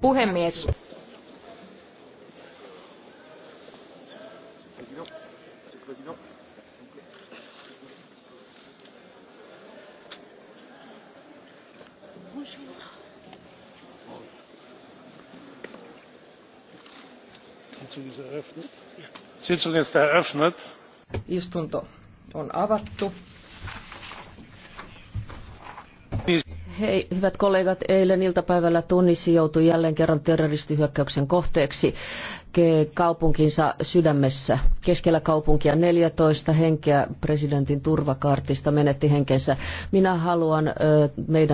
puhemies istunto on avattu. Hei, hyvät kollegat, eilen iltapäivällä Tunisi joutui jälleen kerran terroristihyökkäyksen kohteeksi kaupunkinsa sydämessä. Keskellä kaupunkia 14 henkeä presidentin turvakaartista menetti henkensä. Minä haluan meidän